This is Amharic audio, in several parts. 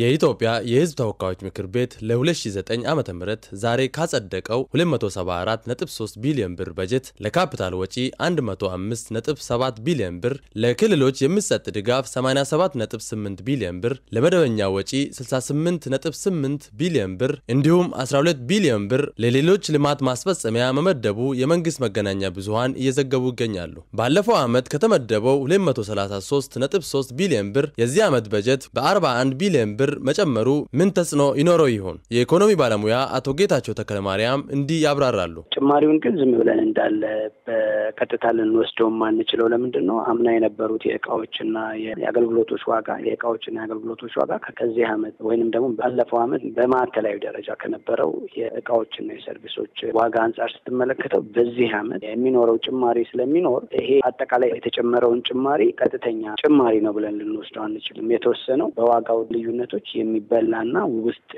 የኢትዮጵያ የሕዝብ ተወካዮች ምክር ቤት ለ2009 ዓ ም ዛሬ ካጸደቀው 274.3 ቢሊዮን ብር በጀት ለካፒታል ወጪ 105.7 ቢሊዮን ብር፣ ለክልሎች የሚሰጥ ድጋፍ 87.8 ቢሊዮን ብር፣ ለመደበኛ ወጪ 68.8 ቢሊዮን ብር እንዲሁም 12 ቢሊዮን ብር ለሌሎች ልማት ማስፈጸሚያ መመደቡ የመንግስት መገናኛ ብዙኃን እየዘገቡ ይገኛሉ። ባለፈው ዓመት ከተመደበው 233.3 ቢሊዮን ብር የዚህ ዓመት በጀት በ41 ቢሊዮን ብር ብር መጨመሩ ምን ተጽዕኖ ይኖረው ይሆን? የኢኮኖሚ ባለሙያ አቶ ጌታቸው ተክለ ማርያም እንዲህ ያብራራሉ። ጭማሪውን ግን ዝም ብለን እንዳለ በቀጥታ ልንወስደው የማንችለው ለምንድን ነው? አምና የነበሩት የእቃዎችና የአገልግሎቶች ዋጋ የእቃዎችና የአገልግሎቶች ዋጋ ከዚህ አመት ወይንም ደግሞ ባለፈው ዓመት በማዕከላዊ ደረጃ ከነበረው የእቃዎችና የሰርቪሶች ዋጋ አንጻር ስትመለከተው በዚህ አመት የሚኖረው ጭማሪ ስለሚኖር ይሄ አጠቃላይ የተጨመረውን ጭማሪ ቀጥተኛ ጭማሪ ነው ብለን ልንወስደው አንችልም። የተወሰነው በዋጋው ልዩነቱ በእንስሳቶች የሚበላና ውስጥ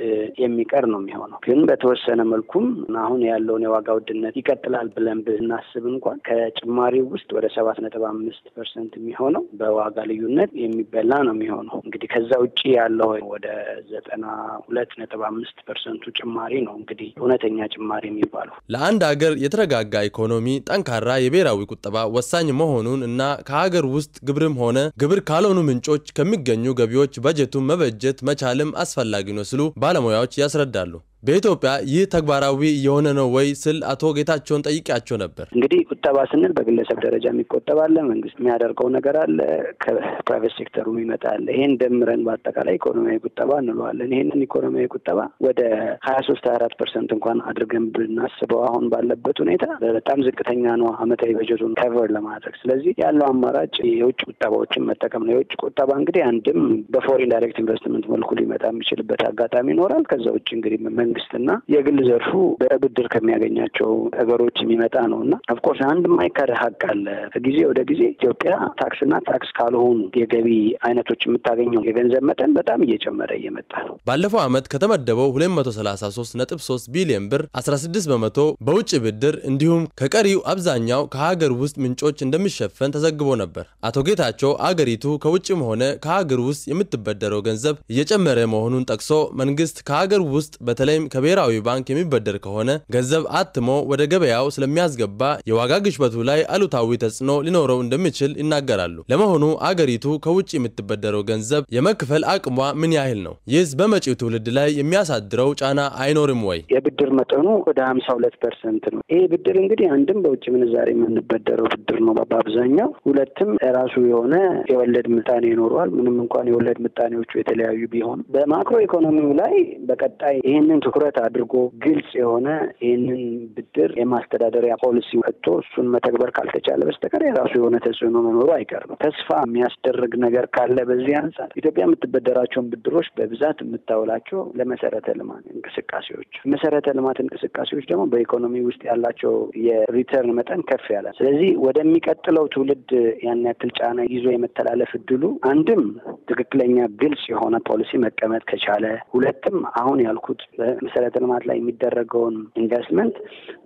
የሚቀር ነው የሚሆነው። ግን በተወሰነ መልኩም አሁን ያለውን የዋጋ ውድነት ይቀጥላል ብለን ብናስብ እንኳን ከጭማሪው ውስጥ ወደ ሰባት ነጥብ አምስት ፐርሰንት የሚሆነው በዋጋ ልዩነት የሚበላ ነው የሚሆነው። እንግዲህ ከዛ ውጭ ያለው ወደ ዘጠና ሁለት ነጥብ አምስት ፐርሰንቱ ጭማሪ ነው እንግዲህ እውነተኛ ጭማሪ የሚባለው። ለአንድ ሀገር የተረጋጋ ኢኮኖሚ ጠንካራ የብሔራዊ ቁጠባ ወሳኝ መሆኑን እና ከሀገር ውስጥ ግብርም ሆነ ግብር ካልሆኑ ምንጮች ከሚገኙ ገቢዎች በጀቱን መበጀት መቻልም አስፈላጊ ነው ሲሉ ባለሙያዎች ያስረዳሉ። በኢትዮጵያ ይህ ተግባራዊ የሆነ ነው ወይ ስል አቶ ጌታቸውን ጠይቄያቸው ነበር። እንግዲህ ቁጠባ ስንል በግለሰብ ደረጃ የሚቆጠባለ መንግስት የሚያደርገው ነገር አለ፣ ከፕራይቬት ሴክተሩ ይመጣል። ይሄን ደምረን በአጠቃላይ ኢኮኖሚያዊ ቁጠባ እንለዋለን። ይሄንን ኢኮኖሚያዊ ቁጠባ ወደ ሀያ ሶስት ሀያ አራት ፐርሰንት እንኳን አድርገን ብናስበው አሁን ባለበት ሁኔታ በጣም ዝቅተኛ ነው አመታዊ በጀቱን ከቨር ለማድረግ። ስለዚህ ያለው አማራጭ የውጭ ቁጠባዎችን መጠቀም ነው። የውጭ ቁጠባ እንግዲህ አንድም በፎሪን ዳይሬክት ኢንቨስትመንት መልኩ ሊመጣ የሚችልበት አጋጣሚ ይኖራል። ከዛ ውጭ እንግዲህ የመንግስትና የግል ዘርፉ በብድር ከሚያገኛቸው ነገሮች የሚመጣ ነው እና ኦፍኮርስ አንድ ማይከር ሀቅ አለ። ከጊዜ ወደ ጊዜ ኢትዮጵያ ታክስና ታክስ ካልሆኑ የገቢ አይነቶች የምታገኘው የገንዘብ መጠን በጣም እየጨመረ እየመጣ ነው። ባለፈው ዓመት ከተመደበው 233.3 ቢሊዮን ብር 16 በመቶ በውጭ ብድር እንዲሁም ከቀሪው አብዛኛው ከሀገር ውስጥ ምንጮች እንደሚሸፈን ተዘግቦ ነበር። አቶ ጌታቸው አገሪቱ ከውጭም ሆነ ከሀገር ውስጥ የምትበደረው ገንዘብ እየጨመረ መሆኑን ጠቅሶ መንግስት ከሀገር ውስጥ በተለይም ከብሔራዊ ባንክ የሚበደር ከሆነ ገንዘብ አትሞ ወደ ገበያው ስለሚያስገባ የዋጋ ግሽበቱ ላይ አሉታዊ ተጽዕኖ ሊኖረው እንደሚችል ይናገራሉ። ለመሆኑ አገሪቱ ከውጭ የምትበደረው ገንዘብ የመክፈል አቅሟ ምን ያህል ነው? ይህስ በመጪው ትውልድ ላይ የሚያሳድረው ጫና አይኖርም ወይ? የብድር መጠኑ ወደ ሀምሳ ሁለት ፐርሰንት ነው። ይህ ብድር እንግዲህ አንድም በውጭ ምንዛሬ የምንበደረው ብድር ነው በአብዛኛው፣ ሁለትም ራሱ የሆነ የወለድ ምጣኔ ይኖረዋል። ምንም እንኳን የወለድ ምጣኔዎቹ የተለያዩ ቢሆን በማክሮ ኢኮኖሚው ላይ በቀጣይ ይህንን ትኩረት አድርጎ ግልጽ የሆነ ይህንን ብድር የማስተዳደሪያ ፖሊሲ ወጥቶ እሱን መተግበር ካልተቻለ በስተቀር የራሱ የሆነ ተጽዕኖ መኖሩ አይቀርም። ተስፋ የሚያስደርግ ነገር ካለ በዚህ አንጻር ኢትዮጵያ የምትበደራቸውን ብድሮች በብዛት የምታውላቸው ለመሰረተ ልማት እንቅስቃሴዎች፣ መሰረተ ልማት እንቅስቃሴዎች ደግሞ በኢኮኖሚ ውስጥ ያላቸው የሪተርን መጠን ከፍ ያለ፣ ስለዚህ ወደሚቀጥለው ትውልድ ያን ያክል ጫና ይዞ የመተላለፍ እድሉ አንድም ትክክለኛ ግልጽ የሆነ ፖሊሲ መቀመጥ ከቻለ፣ ሁለትም አሁን ያልኩት መሰረተ ልማት ላይ የሚደረገውን ኢንቨስትመንት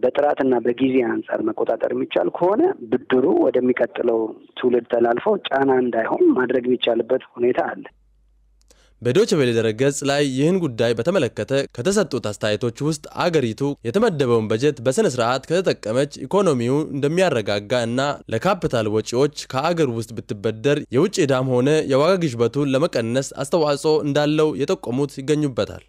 በጥራትና በጊዜ አንጻር መቆጣጠር የሚቻል ከሆነ ብድሩ ወደሚቀጥለው ትውልድ ተላልፎ ጫና እንዳይሆን ማድረግ የሚቻልበት ሁኔታ አለ። በዶች ቬለ ድረገጽ ላይ ይህን ጉዳይ በተመለከተ ከተሰጡት አስተያየቶች ውስጥ አገሪቱ የተመደበውን በጀት በስነ ስርዓት ከተጠቀመች ኢኮኖሚው እንደሚያረጋጋ እና ለካፒታል ወጪዎች ከአገር ውስጥ ብትበደር የውጭ ዕዳም ሆነ የዋጋ ግሽበቱን ለመቀነስ አስተዋጽኦ እንዳለው የጠቆሙት ይገኙበታል።